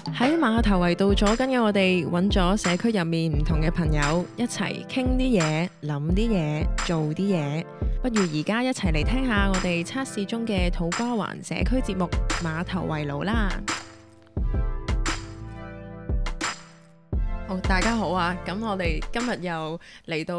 喺碼頭圍馬頭圍到咗，今日我哋揾咗社區入面唔同嘅朋友一齊傾啲嘢、諗啲嘢、做啲嘢。不如而家一齊嚟聽下我哋測試中嘅土瓜灣社區節目《馬頭圍爐》啦！好，大家好啊！咁我哋今日又嚟到、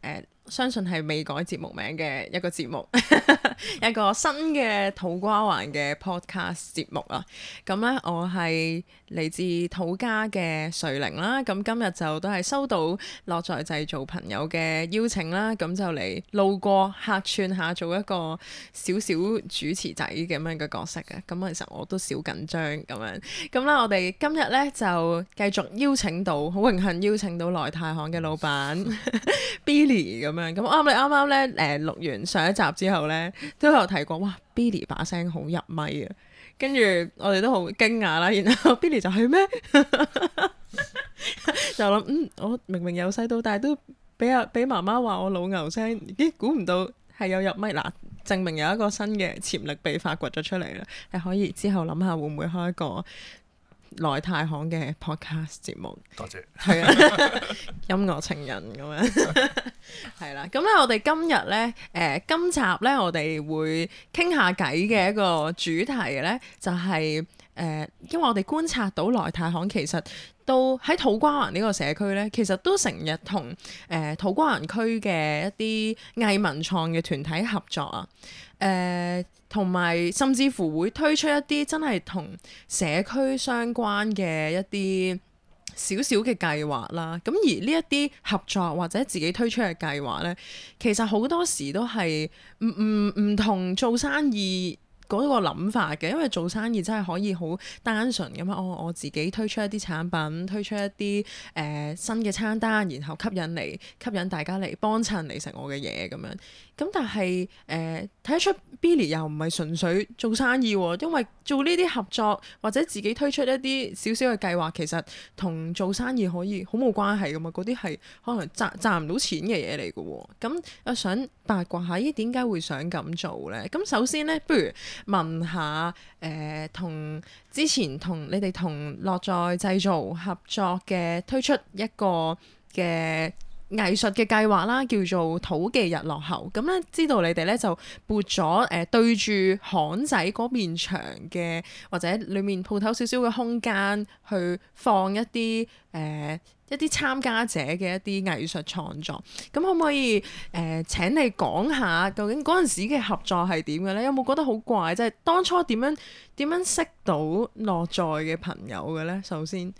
呃相信係未改節目名嘅一個節目， 一個新嘅土瓜灣嘅 podcast 節目啊。咁咧，我係嚟自土家嘅瑞玲啦。咁、啊、今日就都係收到樂在製造朋友嘅邀請啦。咁、啊、就嚟路過客串下，做一個少少主持仔咁樣嘅角色啊，咁其實我都少緊張咁樣，咁、啊、咧、啊，我哋今日咧就繼續邀請到，好榮幸邀請到來泰巷嘅老闆 Billy 咁、啊。咁咁啱，你啱啱咧，誒錄完上一集之後咧，都有提過，哇！Billy 把聲好入咪啊，跟住我哋都好驚訝啦。然後 Billy 就係咩？ 就諗嗯，我明明由細到大都俾阿俾媽媽話我老牛聲，咦、欸？估唔到係有入咪嗱，證明有一個新嘅潛力被發掘咗出嚟啦，係可以之後諗下會唔會開一個。來泰巷嘅 podcast 節目，多謝，謝對，係啊，音樂情人咁樣，係 啦，咁咧我哋今日咧，誒、呃、今集咧我哋會傾下偈嘅一個主題咧，就係、是。誒，因為我哋觀察到來泰巷其實都喺土瓜灣呢個社區呢，其實都成日同誒土瓜灣區嘅一啲藝文創嘅團體合作啊，誒、呃，同埋甚至乎會推出一啲真係同社區相關嘅一啲小小嘅計劃啦。咁而呢一啲合作或者自己推出嘅計劃呢，其實好多時都係唔唔唔同做生意。嗰個諗法嘅，因為做生意真係可以好單純咁啊！我我自己推出一啲產品，推出一啲誒、呃、新嘅餐單，然後吸引嚟，吸引大家嚟幫襯嚟食我嘅嘢咁樣。咁但係誒睇得出 Billy 又唔係純粹做生意喎，因為做呢啲合作或者自己推出一啲小小嘅計劃，其實同做生意可以好冇關係噶嘛。嗰啲係可能賺賺唔到錢嘅嘢嚟嘅。咁、嗯、我想八卦下，咦點解會想咁做咧？咁首先咧，不如問，問下誒同、呃、之前同你哋同樂在製造合作嘅推出一個嘅。藝術嘅計劃啦，叫做土家日落後。咁咧，知道你哋咧就撥咗誒對住巷仔嗰邊牆嘅，或者裡面鋪頭少少嘅空間，去放一啲誒、呃、一啲參加者嘅一啲藝術創作。咁可唔可以誒、呃、請你講下，究竟嗰陣時嘅合作係點嘅咧？有冇覺得好怪？即、就、係、是、當初點樣點樣識到落載嘅朋友嘅咧？首先，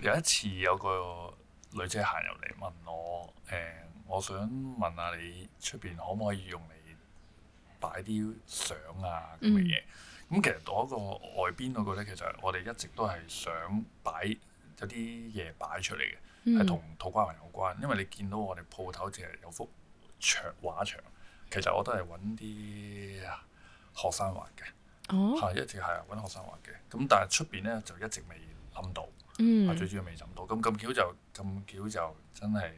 有一次有個。女姐行入嚟問我：誒、呃，我想問下你出邊可唔可以用嚟擺啲相啊咁嘅嘢？咁、嗯、其實嗰個外邊嗰個咧，其實我哋一直都係想擺有啲嘢擺出嚟嘅，係同土瓜灣有關。因為你見到我哋鋪頭淨係有，有幅牆畫牆，其實我都係揾啲學生畫嘅，係、哦、一直係揾學生畫嘅。咁但係出邊咧就一直未諗到。嗯、mm. 啊，最主要未揾到，咁咁巧就咁巧就真係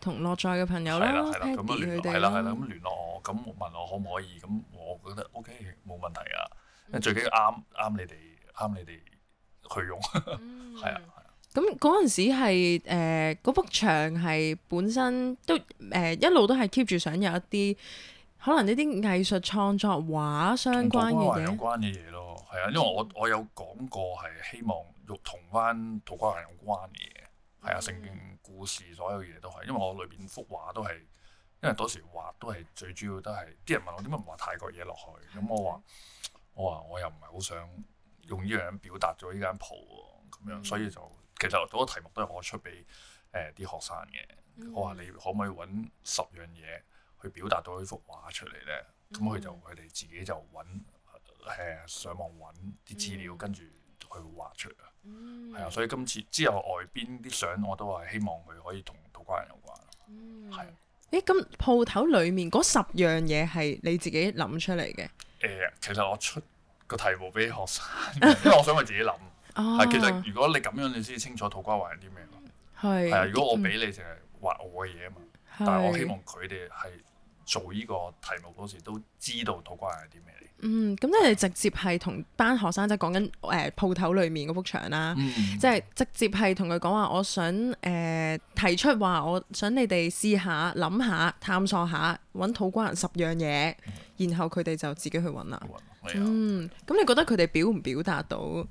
同落在嘅朋友咧 contact 佢哋係啦係啦，咁聯絡我，咁問我可唔可以，咁我覺得 OK，冇問題啊，最緊要啱啱你哋啱你哋去用，係啊係啊。咁嗰陣時係嗰幅牆係本身都誒、呃、一路都係 keep 住想有一啲可能呢啲藝術創作畫相關嘅嘢，有關嘅嘢咯，係啊， 因為我我有講過係希望。肉同翻土瓜灣有關嘅嘢，係啊、mm，成、hmm. 故事所有嘢都係，因為我裏邊幅畫都係，因為嗰時畫都係最主要都係，啲人問我點解唔畫泰國嘢落去，咁、mm hmm. 我話我話我又唔係好想用呢樣嘢表達咗呢間鋪喎，咁樣，所以就其實所有題目都係我出俾誒啲學生嘅，mm hmm. 我話你可唔可以揾十樣嘢去表達到呢幅畫出嚟呢？咁佢就佢哋自己就揾、呃、上網揾啲資料，mm hmm. 跟住。佢畫出嚟，係啊、嗯，所以今次之後外邊啲相我都係希望佢可以同土瓜人有關咯。啊、嗯，係的。咁鋪頭裡面嗰十樣嘢係你自己諗出嚟嘅？誒、欸，其實我出個題目俾學生， 因為我想我自己諗。 哦。係，其實如果你咁樣，你先清楚土瓜灣係啲咩。係是。係啊，如果我俾你，淨係、嗯、畫我嘅嘢啊嘛。的但係我希望佢哋係。做呢個題目嗰時都知道土瓜灣係啲咩嚟？嗯，咁即係直接係同班學生即係講緊誒，鋪頭裏面嗰幅牆啦，即係直接係同佢講話，我想誒提出話，我想你哋試下諗下探索下揾土瓜灣十樣嘢，然後佢哋就自己去揾啦。嗯，咁你覺得佢哋表唔表達到？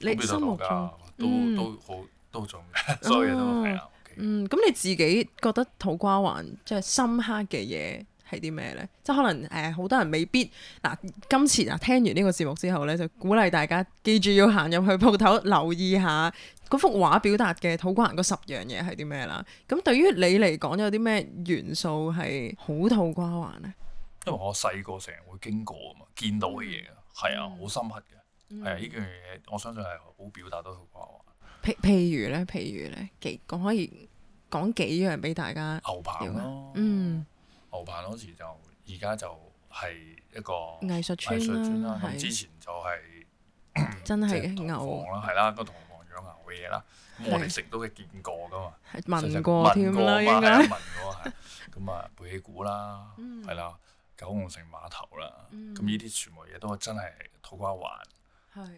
你心目中都都好都中嘅，所以都係啊。嗯，咁你自己覺得土瓜灣即係深刻嘅嘢？係啲咩呢？即係可能誒，好、呃、多人未必嗱、啊，今次啊，聽完呢個節目之後呢，就鼓勵大家記住要行入去鋪頭，留意下嗰幅畫表達嘅土瓜灣嗰十樣嘢係啲咩啦。咁對於你嚟講，有啲咩元素係好土瓜灣呢？因為我細個成日會經過啊嘛，見到嘅嘢係啊，好深刻嘅，係、嗯、啊，呢樣嘢我相信係好表達到土瓜灣。嗯、譬譬如呢，譬如呢，幾講可以講幾樣俾大家牛棚嗯。牛棚嗰時就而家就係一個藝術村啦，係之前就係真係嘅牛房啦，係啦個牛房養牛嘅嘢啦。咁我哋成都嘅見過㗎嘛，聞過添啦，應該咁啊，背起鼓啦，係啦，九龍城碼頭啦，咁呢啲全部嘢都係真係土瓜灣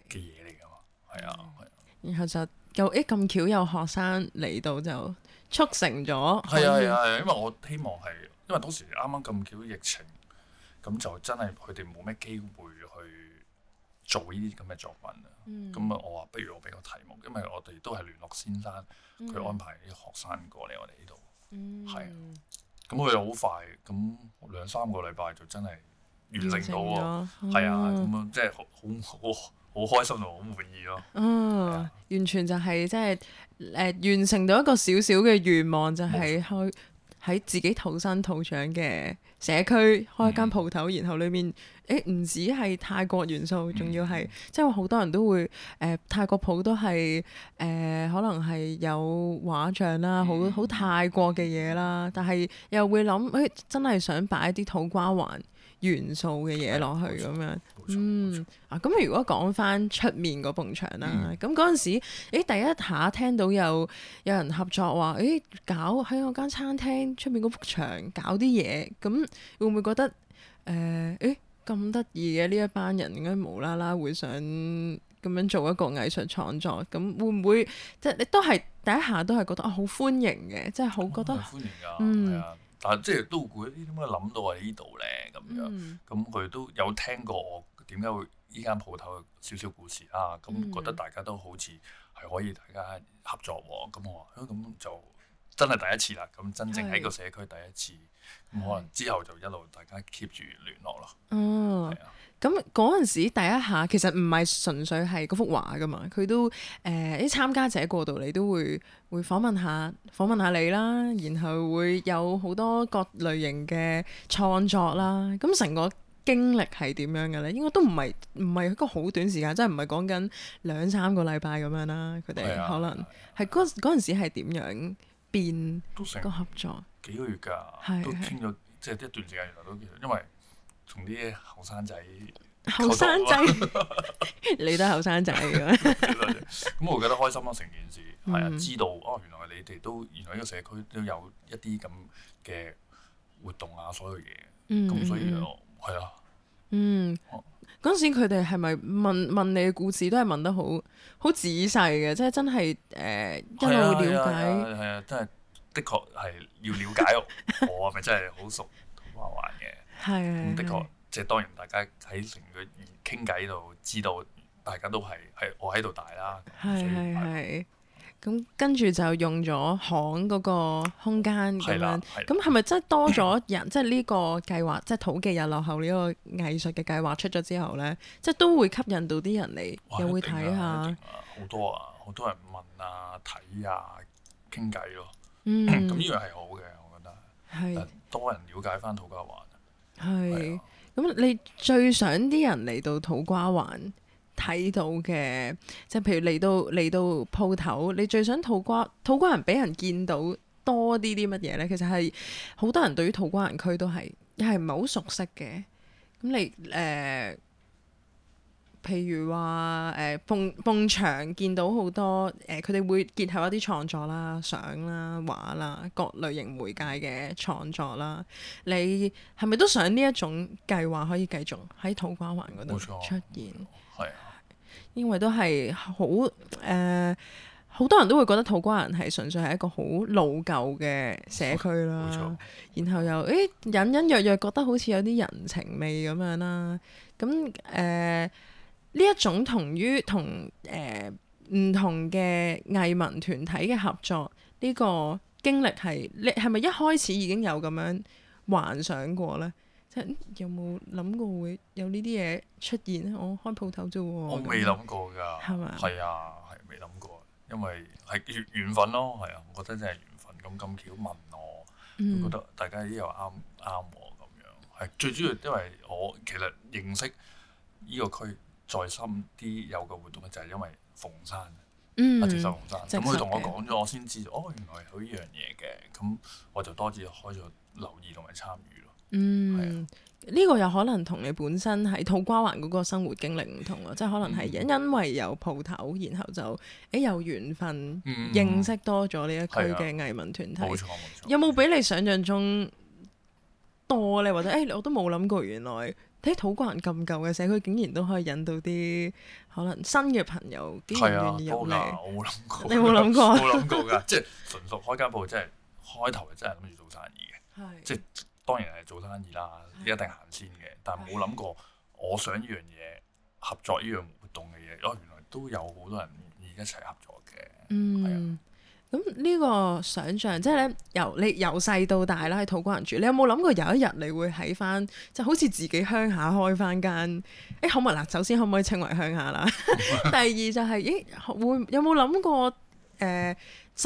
嘅嘢嚟㗎嘛，係啊，係啊。然後就又誒咁巧有學生嚟到就促成咗，係啊係啊，因為我希望係。因為當時啱啱咁少疫情，咁就真係佢哋冇咩機會去做呢啲咁嘅作品啊。咁啊，我話不如我俾個題目，因為我哋都係聯絡先生，佢安排啲學生過嚟我哋呢度。係，咁佢又好快，咁兩三個禮拜就真係完成到喎。係啊，咁樣即係好好好開心好滿意咯。嗯，完全就係即係誒完成到一個小小嘅願望，就係開。喺自己土生土長嘅社區開一間鋪頭，然後裏面誒唔、欸、止係泰國元素，仲要係即係好多人都會誒、呃、泰國鋪都係誒、呃、可能係有畫像啦，好好泰國嘅嘢啦，但係又會諗誒、欸、真係想擺啲土瓜灣元素嘅嘢落去咁樣，錯嗯錯啊，咁如果講翻出面嗰埲牆啦，咁嗰陣時，誒第一下聽到有有人合作話，誒、欸、搞喺我間餐廳出面嗰幅牆搞啲嘢，咁會唔會覺得誒誒咁得意嘅呢一班人應該無啦啦會想咁樣做一個藝術創作，咁會唔會即係你都係第一下都係覺得哦好、啊、歡迎嘅，即係好覺得嗯。嗯嗯但係即係都估啲點解諗到喺呢度咧咁樣，咁佢、嗯、都有聽過我點解會依間鋪頭少少故事啊，咁、嗯、覺得大家都好似係可以大家合作喎，咁我話，咁就真係第一次啦，咁真正喺個社區第一次，咁是可能之後就一路大家 keep 住聯絡咯，係、嗯、啊。咁嗰陣時，第一下其實唔係純粹係嗰幅畫㗎嘛，佢都誒啲、呃、參加者過度你都會會訪問下訪問下你啦，然後會有好多各類型嘅創作啦。咁成個經歷係點樣嘅咧？應該都唔係唔係一個好短時間，即係唔係講緊兩三個禮拜咁樣啦。佢哋可能係嗰嗰陣時係點樣變個合作都幾個月㗎、啊，啊、都傾咗即係一段時間，原來都因為。從啲後生仔，後生仔， 你都係後生仔咁。咁我覺得開心咯，成件事係啊，hmm. 知道哦，原來你哋都原來呢個社區都有一啲咁嘅活動啊，所有嘢。嗯、mm。咁、hmm. 所以我係啊。嗯。 嗰陣時佢哋係咪問問你嘅故事都係問得好好仔細嘅？即係真係誒一路了解。係啊，真係、就是、的確係要了解我， 我係咪真係好熟好好玩嘅？係，啊，的確，即係當然，大家喺成個傾偈度知道，大家都係係我喺度大啦。係係，咁跟住就用咗巷嗰個空間咁樣，咁係咪真係多咗人？即係、 就是、呢個計劃，即係土嘅又落後呢個藝術嘅計劃出咗之後咧，即係都會吸引到啲人嚟，哇又會睇下好、啊啊、多啊，好多人問啊、睇啊、傾偈咯。咁呢樣係好嘅，我覺得係多人了解翻土 家話。係，咁你最想啲人嚟到土瓜灣睇到嘅，即係譬如嚟到嚟到鋪頭，你最想土瓜土瓜人俾人見到多啲啲乜嘢咧？其實係好多人對於土瓜灣區都係係唔係好熟悉嘅，咁你誒。呃譬如話誒，碰碰場見到好多誒，佢、呃、哋會結合一啲創作啦、相啦、畫啦，各類型媒介嘅創作啦。你係咪都想呢一種計劃可以繼續喺土瓜灣嗰度出現？係。錯因為都係好誒，好、呃、多人都會覺得土瓜灣係純粹係一個好老舊嘅社區啦。錯然後又誒、欸、隱隱約約覺得好似有啲人情味咁樣啦。咁誒。呃呢一種同於同誒唔、呃、同嘅藝文團體嘅合作，呢、呢個經歷係你係咪一開始已經有咁樣幻想過呢？即係有冇諗過會有呢啲嘢出現咧？我開鋪頭啫喎，我未諗過㗎，係咪？係啊，係未諗過，因為係緣分咯，係啊，我覺得真係緣分。咁咁巧問我，嗯、我覺得大家呢又啱啱喎，咁樣係最主要，因為我其實認識呢個區。再深啲有嘅活動就係因為鳳山啊，接受鳳山，咁佢同我講咗，我先知道哦，原來有呢樣嘢嘅，咁我就多啲開咗留意同埋參與咯。嗯，呢個又可能同你本身喺土瓜灣嗰個生活經歷唔同啊，即係可能係因因為有鋪頭，然後就誒有緣分認識多咗呢一區嘅藝文團體。冇錯，冇錯。有冇比你想像中多咧？或者誒，我都冇諗過原來。誒、欸、土瓜灣咁舊嘅社區，竟然都可以引到啲可能新嘅朋友，竟然願意入嚟。我冇諗過，你冇諗過？冇諗到㗎， 即係純屬開間鋪，即係開頭係真係諗住做生意嘅。係是，即係當然係做生意啦，是一定行先嘅。但係冇諗過，我想呢樣嘢合作呢樣活動嘅嘢，哦，原來都有好多人願意一齊合作嘅。嗯。咁呢個想像，即係咧由你由細到大啦喺土瓜灣住，你有冇諗過有一日你會喺翻，就好似自己鄉下開翻間？誒、欸、可唔可以啊？首先可唔可以稱為鄉下啦？ 第二就係、是，咦會，會，會有冇諗過誒細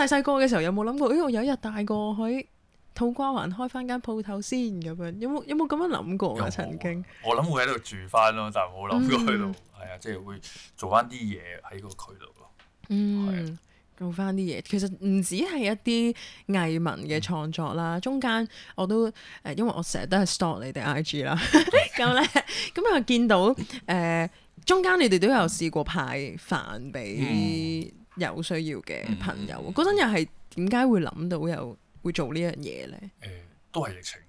細個嘅時候有冇諗過？誒、欸、我有一日大個去土瓜灣開翻間鋪頭先咁樣，有冇有冇咁樣諗過啊？有有啊，曾經我諗會喺度住翻咯，但冇諗過去到，係啊、嗯，即係、就是、會做翻啲嘢喺個區度咯。嗯。做翻啲嘢，其實唔止係一啲藝文嘅創作啦，嗯、中間我都誒、呃，因為我成日都係 stop 你哋 I G 啦，咁咧，咁又見到誒、呃，中間你哋都有試過派飯俾有需要嘅朋友，嗰陣、嗯、又係點解會諗到有會做呢樣嘢咧？誒、呃，都係疫情，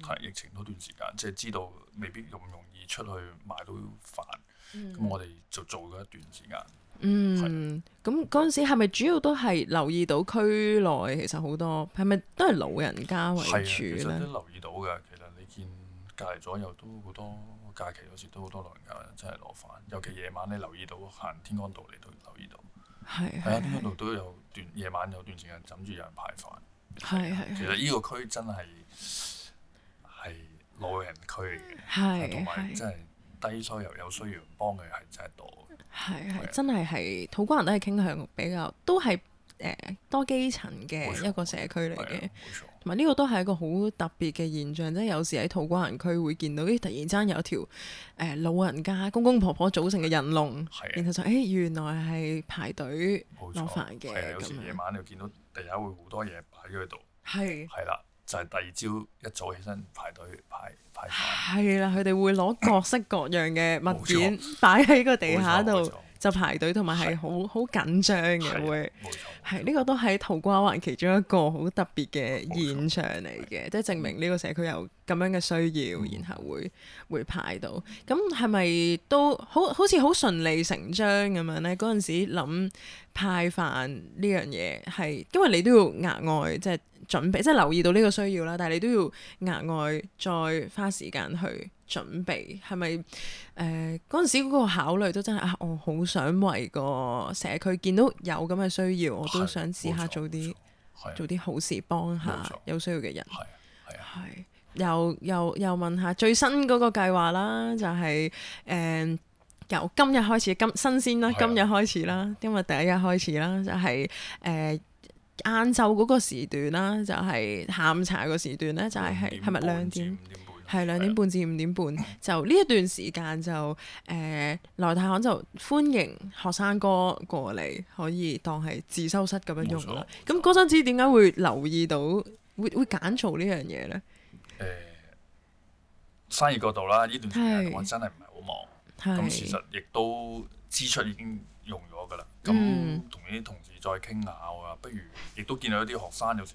係、嗯、疫情嗰段時間，即係、嗯、知道未必咁容易出去買到飯，咁、嗯、我哋就做咗一段時間。嗯，咁嗰陣時係咪主要都係留意到區內其實好多係咪都係老人家為主咧？係啊，其實都留意到嘅。其實你見隔離左右都好多假期嗰時都好多老人家真係攞飯，尤其夜晚你留意到行天光道，你都留意到係係、嗯、係啊，天光道都有段夜晚有段時間枕住有人排飯。係係。其實呢個區真係係老人區嚟嘅，同埋真係低收入有需要幫佢係真係多。係係，的真係係土瓜灣都係傾向比較，都係誒、呃、多基層嘅一個社區嚟嘅。同埋呢個都係一個好特別嘅現象，即係有時喺土瓜灣區會見到，咦，突然之間有條誒、呃、老人家公公婆婆組成嘅人龍，的然後就誒、哎、原來係排隊攞飯嘅。有時夜晚又見到地下會好多嘢擺喺度。係的，係啦的。就係第二朝一早起身排隊排排隊，係啦，佢哋會攞各式各樣嘅物件擺喺個地下度，就排隊，同埋係好好緊張嘅，會係呢個都係土瓜灣其中一個好特別嘅現象嚟嘅，即係證明呢個社區有咁樣嘅需要，然後會會排到。咁係咪都好好似好順理成章咁樣呢？嗰陣時諗派飯呢樣嘢係，因為你都要額外即係。準備，即係留意到呢個需要啦，但係你都要額外再花時間去準備，係咪？誒，嗰陣時嗰個考慮都真係啊！我好想為個社區，見到有咁嘅需要，是我都想試下做啲錯做啲好事，幫下有需要嘅人。係錯又又又問下最新嗰個計劃啦，就係、係、誒、呃、由今日開始，今新鮮啦，啊、今日開始啦，啊、今日第一日開始啦，就係、係、誒。呃晏晝嗰個時段啦，就係、是、下午茶個時段咧，就係係係咪兩點，係對兩點半至五點半，對 就呢一段時間就誒，來泰巷就歡迎學生哥過嚟，可以當係自修室咁樣用啦。咁嗰陣時點解會留意到，會會揀做呢樣嘢咧？誒、呃，生意嗰度啦，呢段時間我真係唔係好忙，咁其是是實亦都支出已經。用咗㗎啦，咁同啲同事再傾下話，不如亦都見到一啲學生有時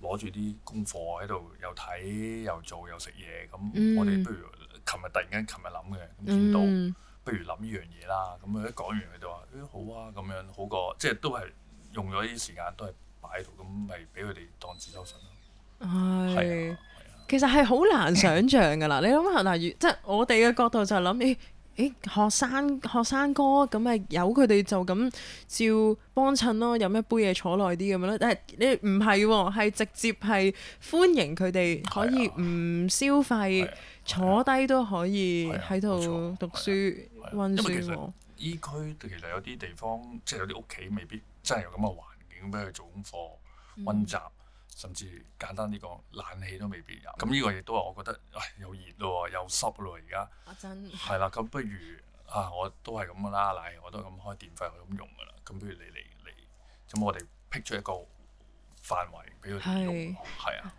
攞住啲功課喺度，又睇又做又食嘢，咁我哋不如琴日突然間琴日諗嘅，嗯、見到不如諗呢、嗯、樣嘢啦，咁佢一講完佢就話誒好啊，咁樣好過，即係都係用咗啲時間都係擺喺度，咁咪俾佢哋當自修室咯。係是，係啊，啊其實係好難想像㗎啦， 你諗下，例、呃、即係我哋嘅角度就諗咦。欸誒、欸、學生學生哥咁咪由佢哋就咁照幫襯咯，飲一杯嘢坐耐啲咁樣咧？但係你唔係喎，係直接係歡迎佢哋可以唔消費，啊、坐低都可以喺度讀書溫書。依區其實有啲地方，即、就、係、是、有啲屋企未必真係有咁嘅環境俾佢做功課溫習。嗯甚至簡單啲講，冷氣都未必有。咁呢、嗯、個亦都係我覺得，唉，又熱咯，又濕咯，而家。我真實。係啦，咁不如啊，我都係咁噶啦，嗱，我都係咁開電費，去咁用噶啦。咁不如你嚟嚟，咁我哋辟出一個範圍俾佢用，係是啊。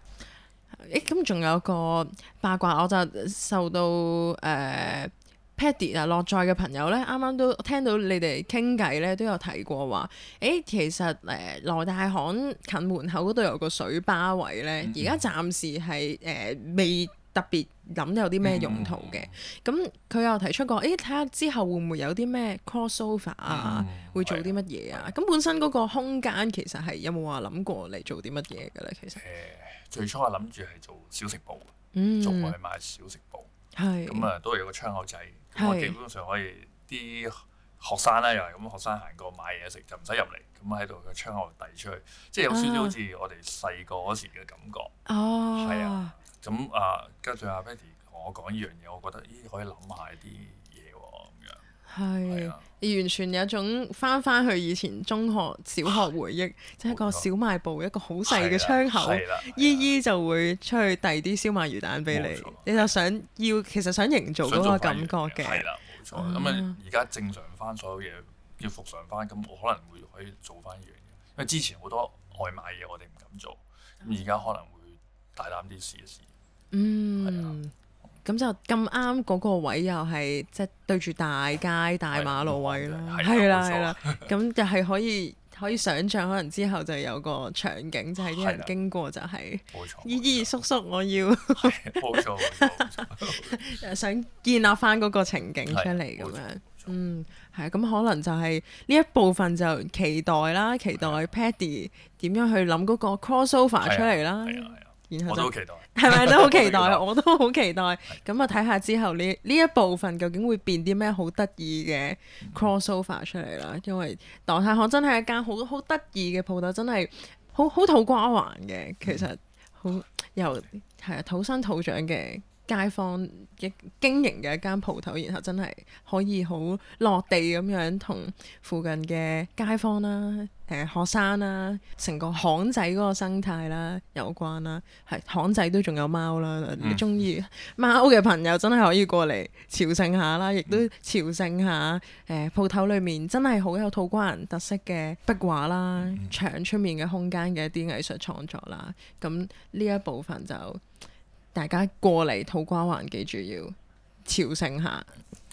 誒、欸，咁仲有個八卦，我就受到誒。呃。Caddy 啊，落載嘅朋友咧，啱啱都聽到你哋傾偈咧，都有提過話，誒、欸、其實誒來泰巷近門口嗰度有個水吧位咧，而家暫時係誒、呃、未特別諗有啲咩用途嘅。咁佢又提出過，誒睇下之後會唔會有啲咩 crossover 啊，會做啲乜嘢啊？咁、嗯、本身嗰個空間其實係有冇話諗過嚟做啲乜嘢嘅咧？其實、呃、最初我諗住係做小食部，嗯、做外賣小食部，咁啊都係有個窗口仔。我、嗯、基本上可以啲是學生啦，又係咁學生行過買嘢食就唔使入嚟，咁喺度個窗口度遞出去，即係有少少好似我哋細個嗰時嘅感覺。哦，係啊，咁、嗯、啊，加上阿 Betty 同我講呢樣嘢，我覺得咦可以諗下啲。係，是的完全有一種翻翻去以前中學、小學回憶，的即係一個小賣部，的一個好細嘅窗口，姨姨的就會出去遞啲燒賣、魚蛋俾你，的你就想要，其實想營造嗰個感覺嘅。係啦，冇錯。咁啊、嗯，而家正常翻所有嘢要復常翻，咁我可能會可以做翻呢樣嘢，因為之前好多外賣嘢我哋唔敢做，咁而家可能會大膽啲試一試。嗯。嗯 咁就咁啱嗰個位又係即係對住大街大馬路位啦，係啦係啦，咁就係可以可以想像可能之後就有個場景，就係啲人經過就係，姨姨叔叔我要，冇錯，想建立翻嗰個情景出嚟咁樣，嗯，係啊，咁可能就係呢一部分就期待啦，期待 Paddy 點樣去諗嗰個 crossover 出嚟啦。然後就我都好期待，係咪都好期待？ 我都好期待。咁啊，睇下的之後呢呢一部分究竟會變啲咩好得意嘅 crossover 出嚟啦。因為來泰巷真係一間好好得意嘅鋪頭，真係好好土瓜灣嘅，其實好又係啊土生土長嘅。街坊嘅經營嘅一間鋪頭，然後真係可以好落地咁樣，同附近嘅街坊啦、誒、呃、學生啦、成個巷仔嗰個生態啦有關啦，係巷仔都仲有貓啦，中意、嗯、貓嘅朋友真係可以過嚟朝聖下啦，亦、嗯、都朝聖下誒鋪頭裏面真係好有土瓜灣特色嘅壁畫啦、牆出、嗯、面嘅空間嘅一啲藝術創作啦，咁呢一部分就。大家過嚟土瓜灣，記住要朝聖下，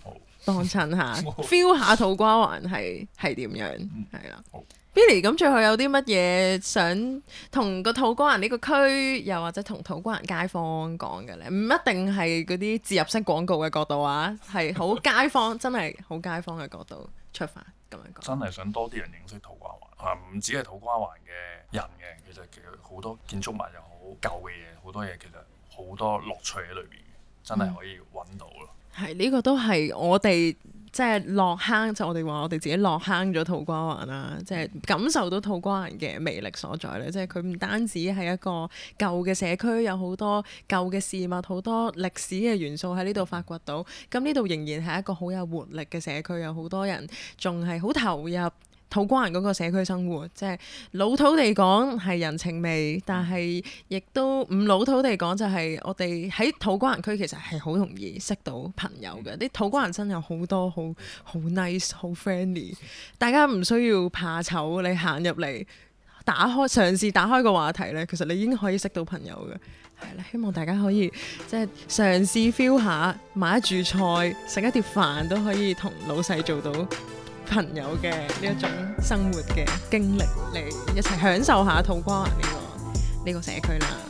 好幫襯下 ，feel 下土瓜灣係係點樣，係啦。Billy 咁最後有啲乜嘢想同個土瓜灣呢個區，又或者同土瓜灣街坊講嘅咧？唔一定係嗰啲植入式廣告嘅角度啊，係好街坊， 真係好街坊嘅角度出發咁樣講。真係想多啲人認識土瓜灣啊！唔止係土瓜灣嘅人嘅，其實其實好多建築物又好舊嘅嘢，好多嘢其實～好多樂趣喺裏邊真係可以揾到咯。係呢、嗯呢個都係我哋即係落坑，就是、我哋話我哋自己落坑咗土瓜灣啦，即、就、係、是、感受到土瓜灣嘅魅力所在咧。即係佢唔單止係一個舊嘅社區，有好多舊嘅事物，好多歷史嘅元素喺呢度發掘到。咁呢度仍然係一個好有活力嘅社區，有好多人仲係好投入。土瓜人嗰個社區生活，即係老土地講係人情味，但係亦都唔老土地講就係、是、我哋喺土瓜人區其實係好容易識到朋友嘅。啲土瓜人真有好多好好 nice、好 friendly，大家唔需要怕醜，你行入嚟打開嘗試打開個話題呢，其實你已經可以識到朋友嘅。係啦，希望大家可以即係嘗試 feel 下買一住菜食一碟飯都可以同老細做到。朋友嘅呢一種生活嘅經歷嚟，一齊享受下土瓜灣呢個呢個社區啦～